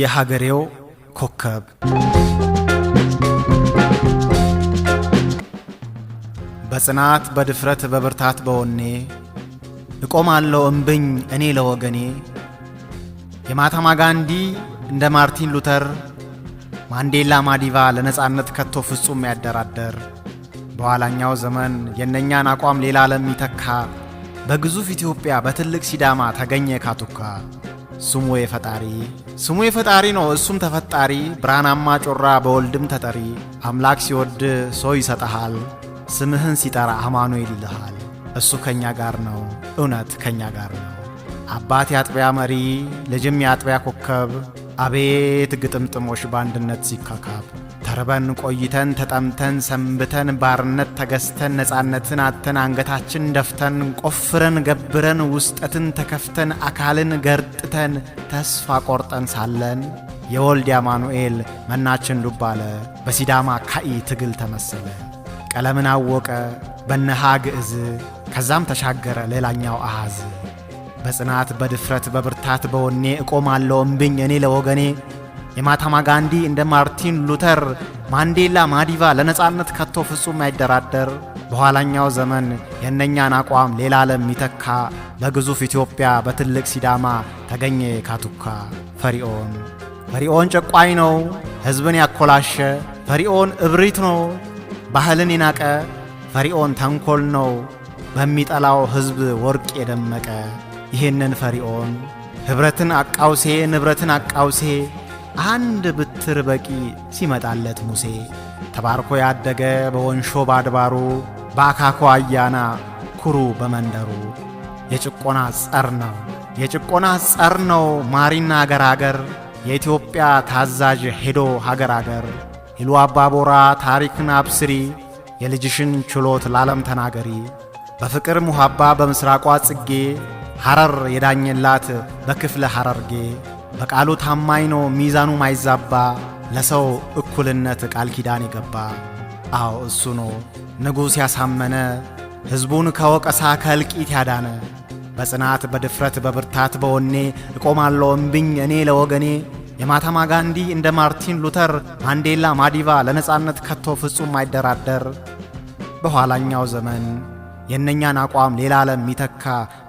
የሀገሬው ኮከብ በጽናት በድፍረት በብርታት በወኔ እቆማለሁ እምብኝ እኔ ለወገኔ። የማታማ ጋንዲ እንደ ማርቲን ሉተር ማንዴላ ማዲቫ ለነፃነት ከቶ ፍጹም ያደራደር በኋላኛው ዘመን የእነኛን አቋም ሌላ ዓለም ይተካ በግዙፍ ኢትዮጵያ በትልቅ ሲዳማ ተገኘ ካቱካ። ስሙ የፈጣሪ ስሙ የፈጣሪ ነው፣ እሱም ተፈጣሪ። ብርሃናማ ጮራ በወልድም ተጠሪ። አምላክ ሲወድ ሰው ይሰጠሃል፣ ስምህን ሲጠራ አማኑኤል ይልሃል። እሱ ከእኛ ጋር ነው፣ እውነት ከእኛ ጋር ነው። አባት የአጥቢያ መሪ፣ ልጅም የአጥቢያ ኮከብ፣ አቤት ግጥምጥሞሽ በአንድነት ሲካካብ ተርበን ቆይተን ተጠምተን ሰንብተን ባርነት ተገዝተን ነፃነትን አተን አንገታችን ደፍተን ቆፍረን ገብረን ውስጠትን ተከፍተን አካልን ገርጥተን ተስፋ ቆርጠን ሳለን የወልድ አማኑኤል መናችን ዱባለ በሲዳማ ካኢ ትግል ተመሰለ። ቀለምን አወቀ በነሃ ግዕዝ፣ ከዛም ተሻገረ ሌላኛው አሃዝ። በጽናት በድፍረት በብርታት በወኔ እቆማለው እምብኝ እኔ ለወገኔ የማታማ ጋንዲ እንደ ማርቲን ሉተር፣ ማንዴላ፣ ማዲቫ ለነጻነት ከቶ ፍጹም አይደራደር በኋላኛው ዘመን የእነኛን አቋም ሌላ ዓለም ይተካ በግዙፍ ኢትዮጵያ በትልቅ ሲዳማ ተገኘ ካቱካ። ፈሪኦን። ፈሪኦን ጨቋኝ ነው፣ ሕዝብን ያኮላሸ ፈሪኦን እብሪት ነው፣ ባህልን የናቀ ፈሪኦን ተንኮል ነው፣ በሚጠላው ሕዝብ ወርቅ የደመቀ። ይህንን ፈሪኦን ኅብረትን አቃውሴ ንብረትን አቃውሴ አንድ ብትር በቂ ሲመጣለት ሙሴ ተባርኮ ያደገ በወንሾ ባድባሩ በአካኮ አያና ኩሩ በመንደሩ የጭቆና ጸር ነው የጭቆና ጸር ነው ማሪና አገር አገር የኢትዮጵያ ታዛዥ ሄዶ ሀገር አገር ይሉ አባቦራ ታሪክን አብስሪ የልጅሽን ችሎት ላለም ተናገሪ በፍቅር ሙሃባ በምሥራቋ ጽጌ ሐረር የዳኘላት በክፍለ ሐረርጌ በቃሉ ታማኝ ነው፣ ሚዛኑ ማይዛባ፣ ለሰው እኩልነት ቃል ኪዳን የገባ። አዎ እሱ ነው ንጉሥ ያሳመነ፣ ሕዝቡን ከወቀሳ ከእልቂት ያዳነ። በጽናት በድፍረት በብርታት በወኔ እቆማለሁ እምብኝ እኔ ለወገኔ። የማታማ ጋንዲ እንደ ማርቲን ሉተር፣ ማንዴላ፣ ማዲቫ ለነፃነት ከቶ ፍጹም አይደራደር። በኋላኛው ዘመን የእነኛን አቋም ሌላ ዓለም ሚተካ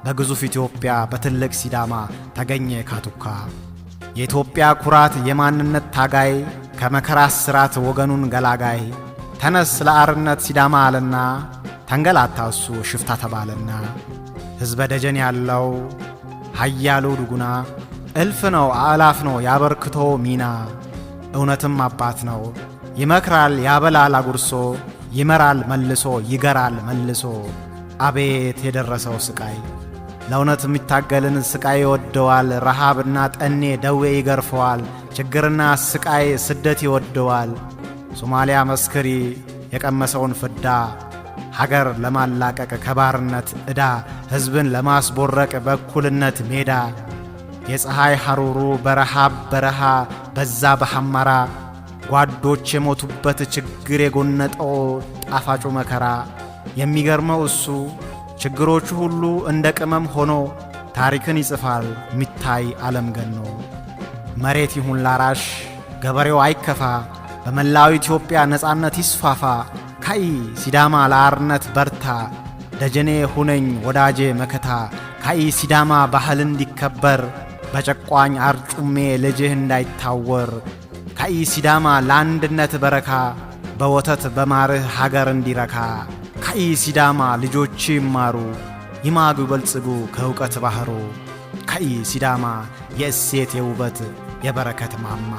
በግዙፍ ኢትዮጵያ በትልቅ ሲዳማ ተገኘ ካቱካ። የኢትዮጵያ ኩራት የማንነት ታጋይ ከመከራ ስራት ወገኑን ገላጋይ ተነስ ለአርነት ሲዳማ አለና ተንገላታሱ ሽፍታ ተባለና ሕዝበ ደጀን ያለው ኃያሉ ድጉና እልፍ ነው አእላፍ ነው ያበርክቶ ሚና እውነትም አባት ነው ይመክራል ያበላል አጉርሶ ይመራል መልሶ ይገራል መልሶ አቤት የደረሰው ስቃይ ለእውነት የሚታገልን ስቃይ ይወደዋል። ረሃብና ጠኔ ደዌ ይገርፈዋል። ችግርና ስቃይ ስደት ይወደዋል። ሶማሊያ መስክሪ የቀመሰውን ፍዳ ሀገር ለማላቀቅ ከባርነት ዕዳ ሕዝብን ለማስቦረቅ በእኩልነት ሜዳ የፀሐይ ሐሩሩ በረሃብ በረሃ በዛ በሐመራ ጓዶች የሞቱበት ችግር የጎነጠው ጣፋጩ መከራ የሚገርመው እሱ ችግሮቹ ሁሉ እንደ ቅመም ሆኖ ታሪክን ይጽፋል ሚታይ ዓለም ገኖ። መሬት ይሁን ላራሽ ገበሬው አይከፋ፣ በመላው ኢትዮጵያ ነፃነት ይስፋፋ። ካይ ሲዳማ ለአርነት በርታ፣ ደጀኔ ሁነኝ ወዳጄ መከታ። ካይ ሲዳማ ባህል እንዲከበር፣ በጨቋኝ አርጩሜ ልጅህ እንዳይታወር። ካይ ሲዳማ ለአንድነት በረካ፣ በወተት በማርህ ሀገር እንዲረካ አይ ሲዳማ ልጆች ይማሩ ይማጉ ይበልጽጉ ከእውቀት ባህሩ ከይ ሲዳማ የእሴት የውበት የበረከት ማማ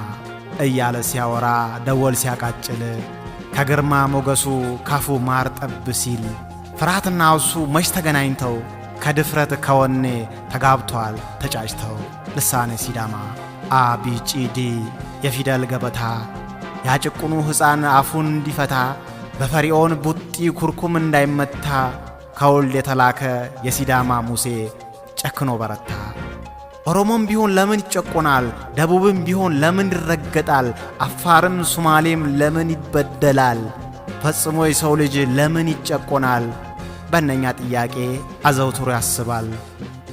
እያለ ሲያወራ ደወል ሲያቃጭል ከግርማ ሞገሱ ካፉ ማር ጠብ ሲል ፍርሃትና እሱ መች ተገናኝተው ከድፍረት ከወኔ ተጋብቷል ተጫጭተው ልሳኔ ሲዳማ አቢጪዲ የፊደል ገበታ ያጭቁኑ ሕፃን አፉን እንዲፈታ በፈሪዖን ቡጢ ኩርኩም እንዳይመታ ከውልድ የተላከ የሲዳማ ሙሴ ጨክኖ በረታ። ኦሮሞም ቢሆን ለምን ይጨቆናል? ደቡብም ቢሆን ለምን ይረገጣል? አፋርም ሱማሌም ለምን ይበደላል? ፈጽሞ የሰው ልጅ ለምን ይጨቆናል? በእነኛ ጥያቄ አዘውትሮ ያስባል።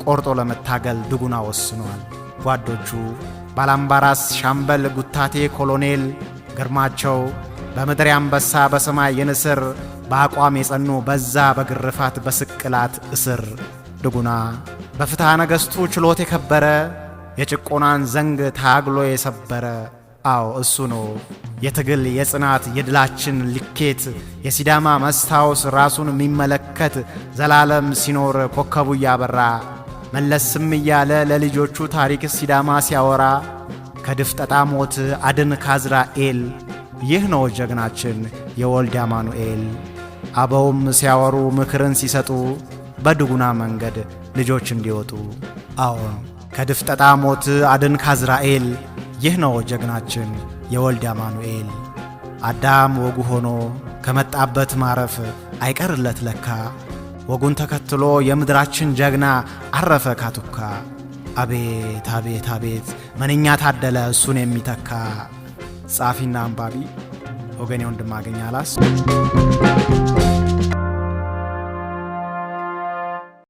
ቆርጦ ለመታገል ድጉና ወስኗል። ጓዶቹ ባላምባራስ ሻምበል፣ ጉታቴ ኮሎኔል፣ ግርማቸው በምድር አንበሳ በሰማይ የንስር በአቋም የጸኑ በዛ በግርፋት በስቅላት እስር ድጉና በፍትሐ ነገሥቱ ችሎት የከበረ የጭቆናን ዘንግ ታግሎ የሰበረ አዎ እሱ ነው የትግል የጽናት የድላችን ልኬት የሲዳማ መስታወስ ራሱን የሚመለከት ዘላለም ሲኖር ኮከቡ እያበራ መለስም እያለ ለልጆቹ ታሪክ ሲዳማ ሲያወራ ከድፍጠጣ ሞት አድን ካዝራኤል ይህ ነው ጀግናችን የወልድ አማኑኤል። አበውም ሲያወሩ ምክርን ሲሰጡ በድጉና መንገድ ልጆች እንዲወጡ። አዎ ከድፍጠጣ ሞት አድን ካዝራኤል። ይህ ነው ጀግናችን የወልድ አማኑኤል። አዳም ወጉ ሆኖ ከመጣበት ማረፍ አይቀርለት ለካ። ወጉን ተከትሎ የምድራችን ጀግና አረፈ ካቱካ። አቤት አቤት አቤት ምንኛ ታደለ እሱን የሚተካ ጸሐፊና አንባቢ ወገኔ ወንድማገኝ አላስ